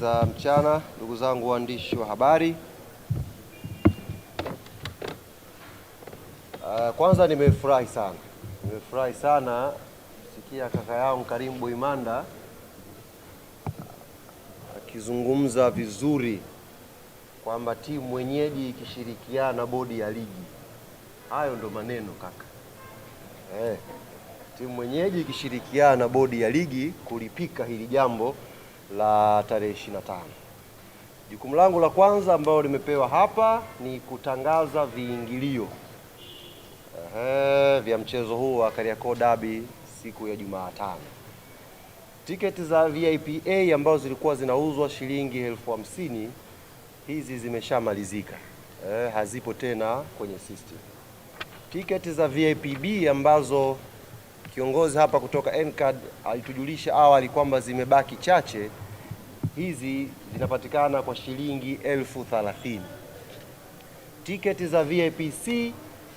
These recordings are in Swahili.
za mchana, ndugu zangu waandishi wa habari. Uh, kwanza nimefurahi sana, nimefurahi sana sikia kaka yangu Karim Boimanda akizungumza vizuri kwamba timu mwenyeji ikishirikiana na bodi ya ligi. Hayo ndo maneno kaka eh, timu mwenyeji ikishirikiana na bodi ya ligi kulipika hili jambo la tarehe 25. Jukumu langu la kwanza ambalo limepewa hapa ni kutangaza viingilio ehe, vya mchezo huu wa Kariakoo Derby siku ya Jumatano. Tiketi za VIP A ambazo zilikuwa zinauzwa shilingi elfu hamsini hizi zimeshamalizika, eh, hazipo tena kwenye system. Tiketi za VIP B ambazo kiongozi hapa kutoka NCAD alitujulisha awali kwamba zimebaki chache, hizi zinapatikana kwa shilingi elfu thalathini. Tiketi za vipc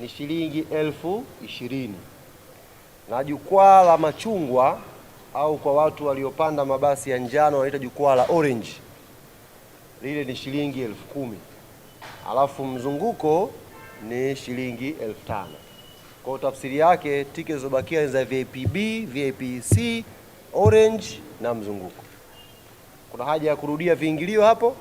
ni shilingi elfu ishirini na jukwaa la machungwa au kwa watu waliopanda mabasi ya njano wanaita jukwaa la orange, lile ni shilingi elfu kumi alafu mzunguko ni shilingi elfu tano. Kwa tafsiri yake tiketi zilizobakia ni za VIP B, VIP C, Orange na mzunguko. Kuna haja ya kurudia viingilio hapo?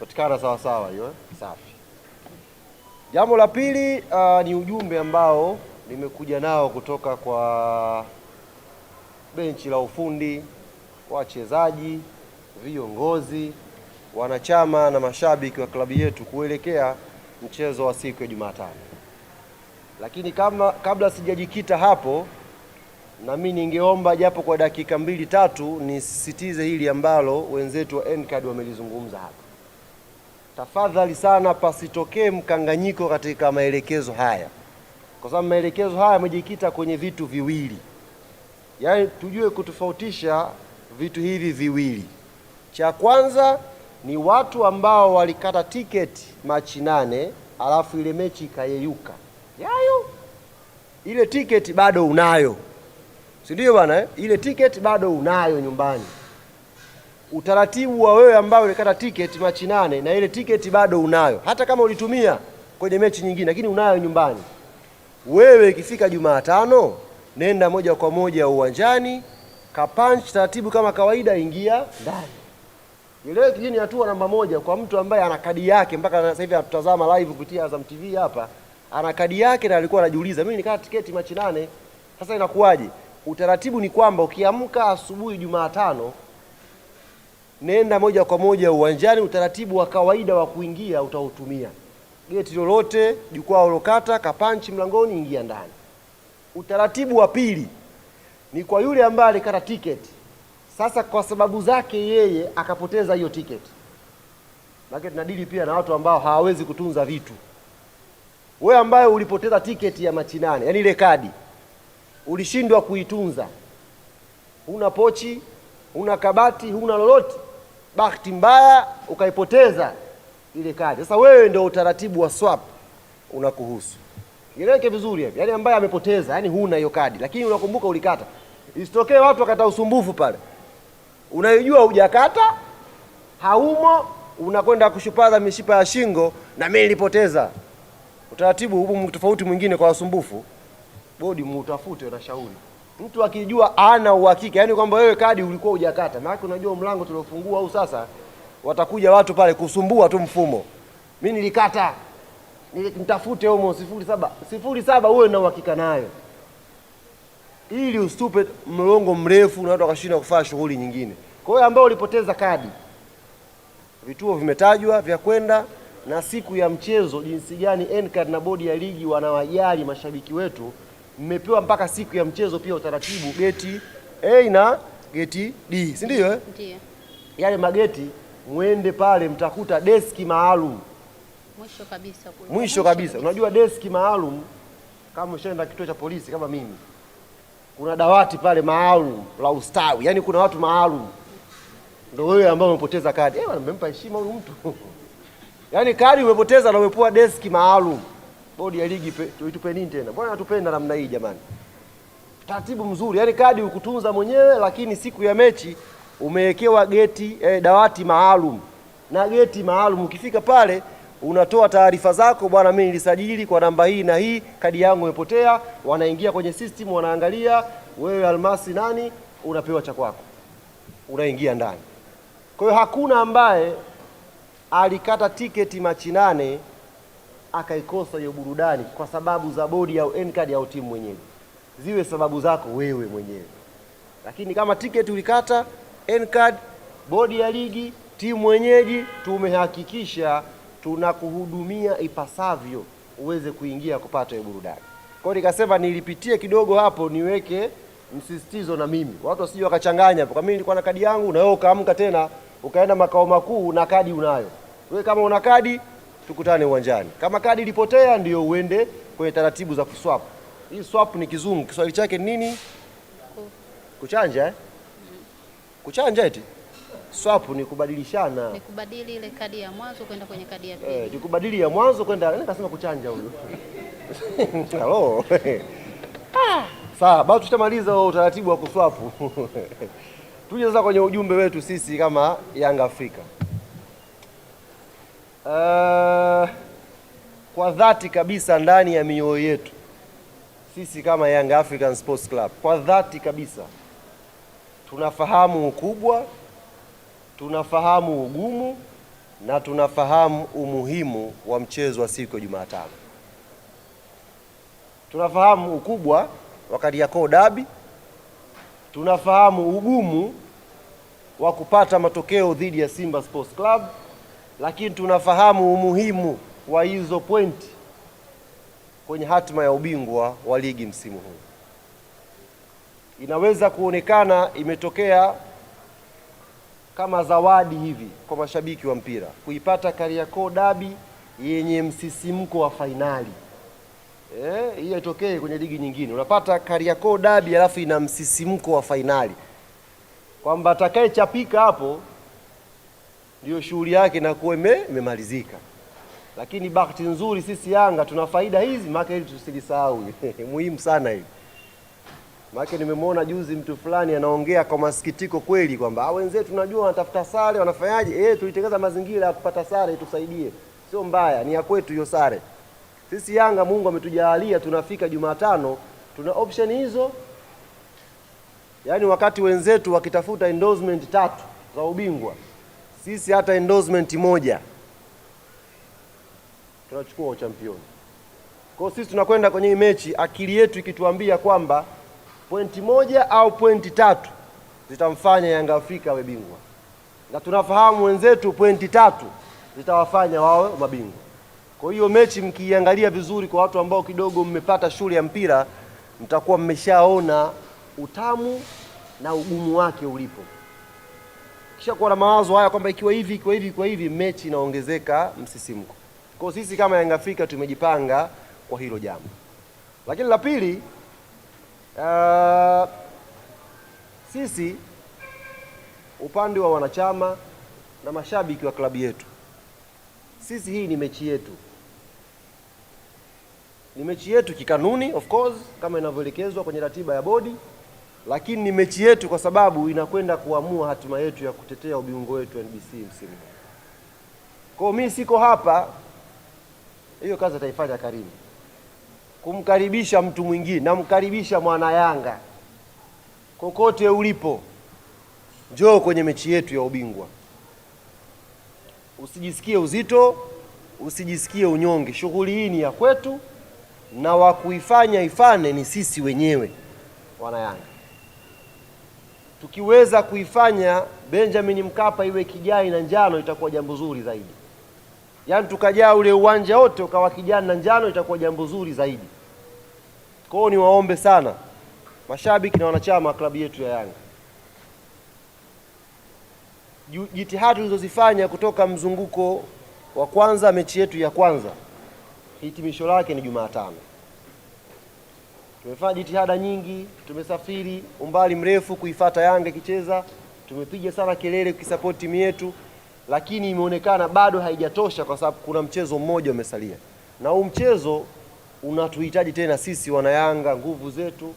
patikana sawa sawa hiyo, eh? Safi. Jambo la pili uh, ni ujumbe ambao nimekuja nao kutoka kwa benchi la ufundi, wachezaji, viongozi, wanachama na mashabiki wa klabu yetu kuelekea mchezo wa siku ya Jumatano. Lakini kama, kabla sijajikita hapo, nami ningeomba japo kwa dakika mbili tatu nisisitize hili ambalo wenzetu wa NCAD wamelizungumza hapa. Tafadhali sana, pasitokee mkanganyiko katika maelekezo haya, kwa sababu maelekezo haya yamejikita kwenye vitu viwili, yaani tujue kutofautisha vitu hivi viwili. Cha kwanza ni watu ambao walikata tiketi Machi nane alafu ile mechi ikayeyuka yayo, ile tiketi bado unayo, si ndio bwana eh? Ile tiketi bado unayo nyumbani. Utaratibu wa wewe ambao ulikata tiketi Machi nane na ile tiketi bado unayo, hata kama ulitumia kwenye mechi nyingine, lakini unayo nyumbani. Wewe ikifika Jumatano, nenda moja kwa moja uwanjani, kapanch taratibu kama kawaida, ingia ndani Ileo kijini hatua namba moja kwa mtu ambaye ana kadi yake mpaka sasa hivi atutazama live kupitia Azam TV hapa ana kadi yake na alikuwa anajiuliza, mimi nikata tiketi Machi nane, sasa inakuwaje? Utaratibu ni kwamba ukiamka asubuhi Jumatano, nenda moja kwa moja uwanjani. Utaratibu wa kawaida wa kuingia utautumia geti lolote, jukwaa ulokata, kapanchi mlangoni, ingia ndani. Utaratibu wa pili ni kwa yule ambaye alikata tiketi sasa, kwa sababu zake yeye akapoteza hiyo tiketi, maana tunadili pia na watu ambao hawawezi kutunza vitu wewe ambaye ulipoteza tiketi ya Machi nane, yani yaani ile kadi ulishindwa kuitunza, huna pochi, huna kabati, huna lolote, bahati mbaya ukaipoteza ile kadi. Sasa wewe ndio utaratibu wa swap unakuhusu. Ieleweke vizuri hivi, yaani ambaye amepoteza, yani huna hiyo kadi, lakini unakumbuka ulikata. Isitokee watu wakata usumbufu pale, unaijua hujakata, haumo, unakwenda kushupaza mishipa ya shingo, na mimi nilipoteza. Utaratibu huu tofauti mwingine kwa wasumbufu, bodi muutafute, shauri mtu akijua ana uhakika, yani kwamba wewe kadi ulikuwa hujakata, maana unajua mlango tuliofungua au sasa watakuja watu pale kusumbua tu mfumo. Mimi nilikata, mtafute humo sifuri saba sifuri saba, uwe na uhakika nayo, ili usitupe mlongo mrefu na watu wakashindwa kufanya shughuli nyingine. Kwa hiyo ambao ulipoteza kadi, vituo vimetajwa vya kwenda na siku ya mchezo, jinsi gani NCAT na bodi ya ligi wanawajali mashabiki wetu. Mmepewa mpaka siku ya mchezo pia utaratibu geti A na geti D, si ndio? Eh? Ndio. Yale mageti mwende pale, mtakuta deski maalum mwisho kabisa, mwisho mwisho kabisa. Unajua deski maalum kama ushaenda kituo cha polisi kama mimi, kuna dawati pale maalum la ustawi, yaani kuna watu maalum ndio wewe ambao umepoteza kadi. Eh, bwana, heshima huyu mtu Yaani kadi umepoteza na umepewa deski maalum. Bodi ya ligi tuitupe nini tena? Mbona hatupenda namna hii jamani? Taratibu mzuri. Yaani kadi ukutunza mwenyewe lakini siku ya mechi umewekewa geti eh, dawati maalum. Na geti maalum ukifika pale unatoa taarifa zako, bwana, mimi nilisajili kwa namba hii na hii, kadi yangu imepotea. Wanaingia kwenye system, wanaangalia wewe Almasi nani, unapewa cha kwako, unaingia ndani. Kwa hiyo hakuna ambaye alikata tiketi Machi nane akaikosa hiyo burudani kwa sababu za bodi au NCAD au timu mwenyewe, ziwe sababu zako wewe mwenyewe. Lakini kama tiketi ulikata NCAD, bodi ya ligi, timu mwenyeji, tumehakikisha tunakuhudumia ipasavyo uweze kuingia kupata hiyo burudani. Kwa hiyo nikasema nilipitie kidogo hapo niweke msisitizo na mimi, watu wasije wakachanganya hapo. Kama mimi nilikuwa na kadi yangu na wewe ukaamka tena ukaenda makao makuu na kadi unayo. Wewe kama una kadi tukutane uwanjani. Kama kadi ilipotea ndio uende kwenye taratibu za kuswap. Hii swap ni kizungu, Kiswahili chake ni nini? Kuchanja eh? Kuchanja eti? Swap ni kubadilishana. Ni kubadili ile kadi ya mwanzo kwenda kwenye kadi ya pili. Eh, ni kubadili ya mwanzo kwenda, nani kasema kuchanja huyo? Hello. Ah, sawa, tutamaliza utaratibu wa kuswapu. Tuje sasa kwenye ujumbe wetu sisi kama Young africa uh, kwa dhati kabisa ndani ya mioyo yetu sisi kama Young African Sports Club, kwa dhati kabisa tunafahamu ukubwa, tunafahamu ugumu na tunafahamu umuhimu wa mchezo wa siku ya Jumatano. Tunafahamu ukubwa wa Kariakoo dabi, tunafahamu ugumu wa kupata matokeo dhidi ya Simba Sports Club lakini tunafahamu umuhimu wa hizo pointi kwenye hatima ya ubingwa wa ligi msimu huu. Inaweza kuonekana imetokea kama zawadi hivi kwa mashabiki wa mpira kuipata Kariakoo dabi yenye msisimko wa fainali. Eh, hii haitokee kwenye ligi nyingine. Unapata Kariakoo dabi alafu ina msisimko wa fainali, kwamba atakayechapika hapo ndio shughuli yake inakuwa imemalizika. Lakini bahati nzuri sisi Yanga tuna faida hizi, maana ili tusilisahau muhimu sana hili. Maana nimemwona juzi mtu fulani anaongea kwa masikitiko kweli kwamba ah, wenzetu tunajua wanatafuta sare wanafanyaje, eh, tulitengeza mazingira ya kupata sare, tusaidie. Sio mbaya, ni ya kwetu hiyo sare. Sisi Yanga Mungu ametujalia tunafika Jumatano tuna option hizo, yaani wakati wenzetu wakitafuta endorsement tatu za ubingwa sisi hata endorsement moja tunachukua uchampioni. Kwa sisi tunakwenda kwenye hii mechi akili yetu ikituambia kwamba pointi moja au pointi tatu zitamfanya Yanga Afrika awe bingwa, na tunafahamu wenzetu pointi tatu zitawafanya wawe mabingwa. Kwa hiyo mechi mkiiangalia vizuri, kwa watu ambao kidogo mmepata shule ya mpira, mtakuwa mmeshaona utamu na ugumu wake ulipo kisha kuwa na mawazo haya kwamba ikiwa hivi ikiwa hivi ikiwa hivi, mechi inaongezeka msisimko. Kwa sisi kama Yanga Afrika tumejipanga kwa hilo jambo, lakini la pili, uh, sisi upande wa wanachama na mashabiki wa klabu yetu, sisi hii ni mechi yetu, ni mechi yetu kikanuni, of course, kama inavyoelekezwa kwenye ratiba ya bodi lakini ni mechi yetu kwa sababu inakwenda kuamua hatima yetu ya kutetea ubingwa wetu NBC msimu huu. Kwa mimi siko hapa, hiyo kazi ataifanya karibu Kumkaribisha mtu mwingine, namkaribisha mwana Yanga kokote ulipo, njoo kwenye mechi yetu ya ubingwa. Usijisikie uzito, usijisikie unyonge. Shughuli hii ni ya kwetu, na wa kuifanya ifane ni sisi wenyewe wana Yanga tukiweza kuifanya Benjamin Mkapa iwe kijani na njano itakuwa jambo zuri zaidi. Yaani tukajaa ule uwanja wote ukawa kijani na njano itakuwa jambo zuri zaidi. Kwa hiyo niwaombe sana mashabiki na wanachama wa klabu yetu ya Yanga, jitihada tulizozifanya kutoka mzunguko wa kwanza, mechi yetu ya kwanza, hitimisho lake ni Jumatano. Tumefanya jitihada nyingi, tumesafiri umbali mrefu kuifata Yanga ikicheza, tumepiga sana kelele kuisapoti timu yetu, lakini imeonekana bado haijatosha, kwa sababu kuna mchezo mmoja umesalia, na huu mchezo unatuhitaji tena sisi wanayanga, nguvu zetu,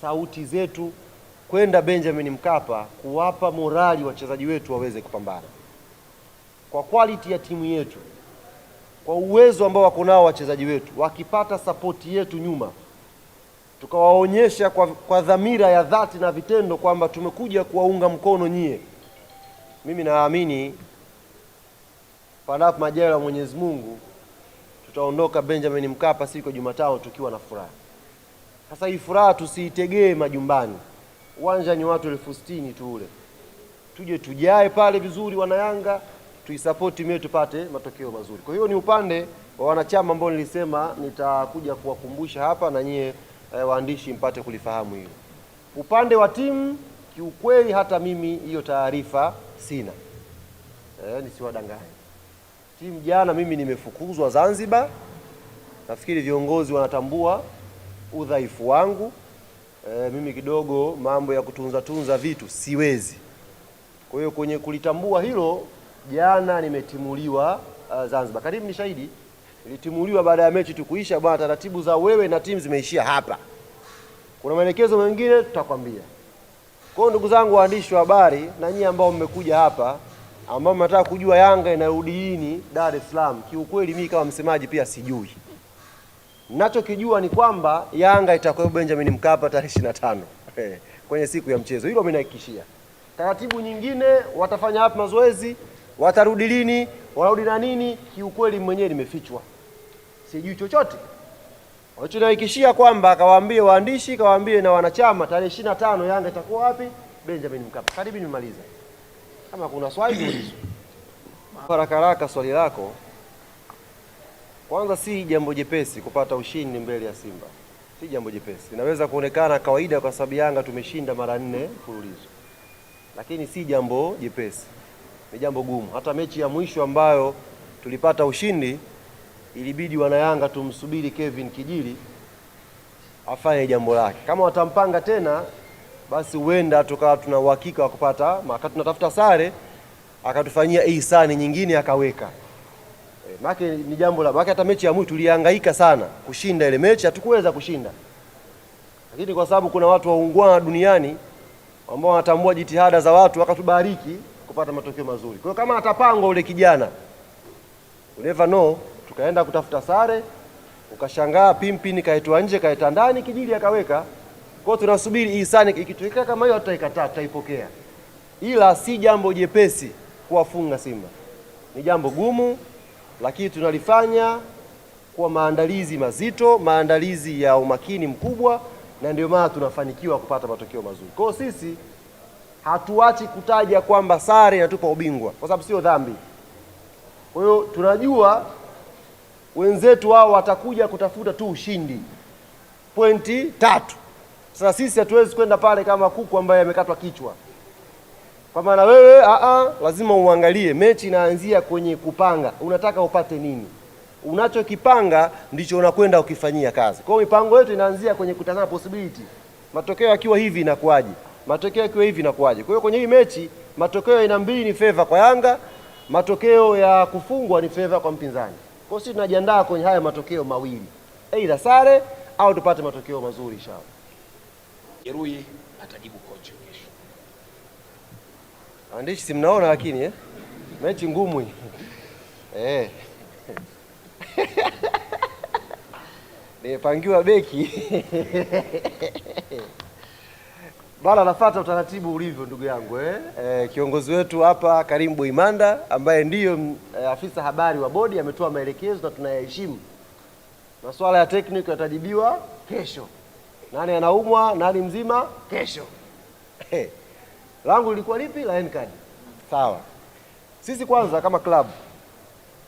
sauti zetu, kwenda Benjamin Mkapa kuwapa morali wachezaji wetu waweze kupambana kwa quality ya timu yetu, kwa uwezo ambao wako nao wachezaji wetu, wakipata sapoti yetu nyuma tukawaonyesha kwa, kwa dhamira ya dhati na vitendo kwamba tumekuja kuwaunga mkono nyie. Mimi naamini panapo majaliwa ya Mwenyezi Mungu tutaondoka Benjamin Mkapa siku ya Jumatano tukiwa na furaha. Sasa hii furaha tusiitegee majumbani. Uwanja ni watu elfu sitini tu ule, tuje tujae pale vizuri, wanayanga tuisapoti mie tupate matokeo mazuri. Kwa hiyo ni upande wa wanachama ambao nilisema nitakuja kuwakumbusha hapa na nyie eh, waandishi mpate kulifahamu hilo. Upande wa timu kiukweli, hata mimi hiyo taarifa sina eh, nisiwadanganye. Timu jana mimi nimefukuzwa Zanzibar, nafikiri viongozi wanatambua udhaifu wangu. E, mimi kidogo mambo ya kutunza tunza vitu siwezi. Kwa hiyo kwenye kulitambua hilo, jana nimetimuliwa uh, Zanzibar. Karibu ni shahidi ilitimuliwa baada ya mechi tu kuisha. Bwana, taratibu za wewe na timu zimeishia hapa, kuna maelekezo mengine tutakwambia. Kwa hiyo ndugu zangu waandishi wa habari na nyinyi ambao mmekuja hapa ambao mnataka kujua Yanga inarudi lini Dar es Salaam, kiukweli mimi kama msemaji pia sijui. Nachokijua ni kwamba Yanga itakuwa Benjamin Mkapa tarehe 25 eh, kwenye siku ya mchezo, hilo amenihakikishia. Taratibu nyingine watafanya hapa mazoezi, watarudi lini, Warudi na nini, kiukweli mwenyewe nimefichwa sijui chochote. Walichonihakikishia kwamba kawaambie waandishi, kawaambie na wanachama, tarehe ishirini na tano Yanga itakuwa wapi? Benjamin Mkapa. Karibu nimemaliza. Kama kuna swali ulizo haraka haraka, swali lako kwanza, si jambo jepesi kupata ushindi mbele ya Simba, si jambo jepesi. Inaweza kuonekana kawaida kwa sababu Yanga tumeshinda mara nne mfululizo, lakini si jambo jepesi, ni jambo gumu. Hata mechi ya mwisho ambayo tulipata ushindi ilibidi wanayanga tumsubiri Kevin Kijili afanye jambo lake. Kama watampanga tena, basi huenda tukawa tuna uhakika wa kupata maka, tunatafuta sare akatufanyia ihsani nyingine akaweka e, maana ni jambo la maana. Hata mechi ya mwisho tulihangaika sana kushinda ile mechi, hatukuweza kushinda, lakini kwa sababu kuna watu waungwana duniani ambao wanatambua jitihada za watu, wakatubariki kupata matokeo mazuri. Kwa hiyo kama atapangwa ule kijana, you never know ukaenda kutafuta sare, ukashangaa pimpini kaitoa nje kaita ndani, kijili akaweka kwao. Tunasubiri ihsani, ikitokea kama hiyo tutaikataa, tutaipokea, ila si jambo jepesi kuwafunga Simba, ni jambo gumu, lakini tunalifanya kwa maandalizi mazito, maandalizi ya umakini mkubwa, na ndio maana tunafanikiwa kupata matokeo mazuri. Kwa hiyo sisi hatuachi kutaja kwamba sare inatupa ubingwa, kwa sababu sio dhambi. Kwa hiyo tunajua wenzetu wao watakuja kutafuta tu ushindi. Pointi tatu. Sasa sisi hatuwezi kwenda pale kama kuku ambaye amekatwa kichwa, kwa maana wewe a, lazima uangalie mechi inaanzia kwenye kupanga, unataka upate nini? Unachokipanga ndicho unakwenda ukifanyia kazi. Kwa hiyo mipango yetu inaanzia kwenye kutazama possibility, matokeo yakiwa hivi inakuwaje, matokeo yakiwa hivi inakuwaje. Kwa hiyo kwenye hii mechi matokeo ya aina mbili ni favor kwa Yanga, matokeo ya kufungwa ni favor kwa mpinzani. Kwa sisi tunajiandaa kwenye haya matokeo mawili, aidha sare au tupate matokeo mazuri inshallah. Jeruhi atajibu kocha kesho. Andishi si mnaona lakini eh? Mechi ngumu hii. Eh. Nimepangiwa beki Bala nafata utaratibu ulivyo ndugu yangu eh? Eh, kiongozi wetu hapa Karim Boimanda ambaye ndiyo eh, afisa habari wa bodi ametoa maelekezo na tunayaheshimu. Masuala ya tekniki yatajibiwa kesho, nani anaumwa nani mzima kesho. Eh, langu lilikuwa lipi la Ncard? Sawa, sisi kwanza kama club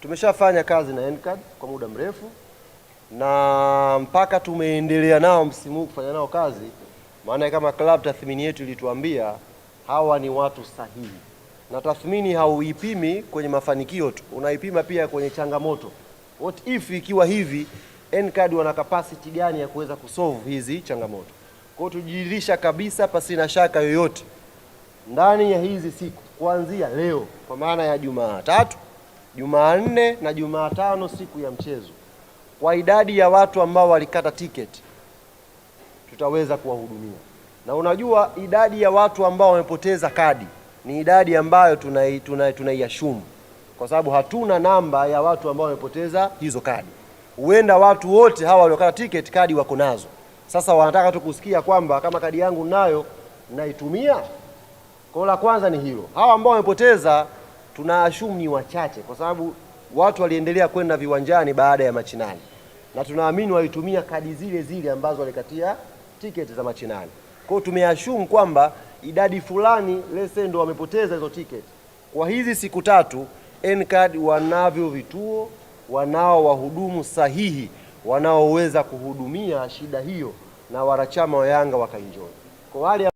tumeshafanya kazi na Ncard kwa muda mrefu na mpaka tumeendelea nao msimu huu kufanya nao kazi maana kama club tathmini yetu ilituambia hawa ni watu sahihi, na tathmini hauipimi kwenye mafanikio tu, unaipima pia kwenye changamoto. What if ikiwa hivi, Ncard wana capacity gani ya kuweza kusolve hizi changamoto? Kwa hiyo tujiridhisha kabisa pasina shaka yoyote ndani ya hizi siku kuanzia leo, kwa maana ya Jumatatu, Jumanne na Jumatano, siku ya mchezo, kwa idadi ya watu ambao walikata tiketi tutaweza kuwahudumia. Na unajua idadi ya watu ambao wamepoteza kadi ni idadi ambayo tunaiashumu, tuna, kwa sababu hatuna namba ya watu ambao wamepoteza hizo kadi. Huenda watu wote hawa waliokata tiketi kadi wako nazo, sasa wanataka tu kusikia kwamba kama kadi yangu nayo naitumia. Kwa la kwanza ni hilo, hawa ambao wamepoteza tunaashumu ni wachache, kwa sababu watu waliendelea kwenda viwanjani baada ya machinani, na tunaamini walitumia kadi zile zile ambazo walikatia tiketi za machi nane. Kwa hiyo tumeashumu kwamba idadi fulani lese ndo wamepoteza hizo tiketi. Kwa hizi siku tatu NCARD wanavyo vituo, wanao wahudumu sahihi wanaoweza kuhudumia shida hiyo na wanachama wa Yanga wakainjoi Kwa wale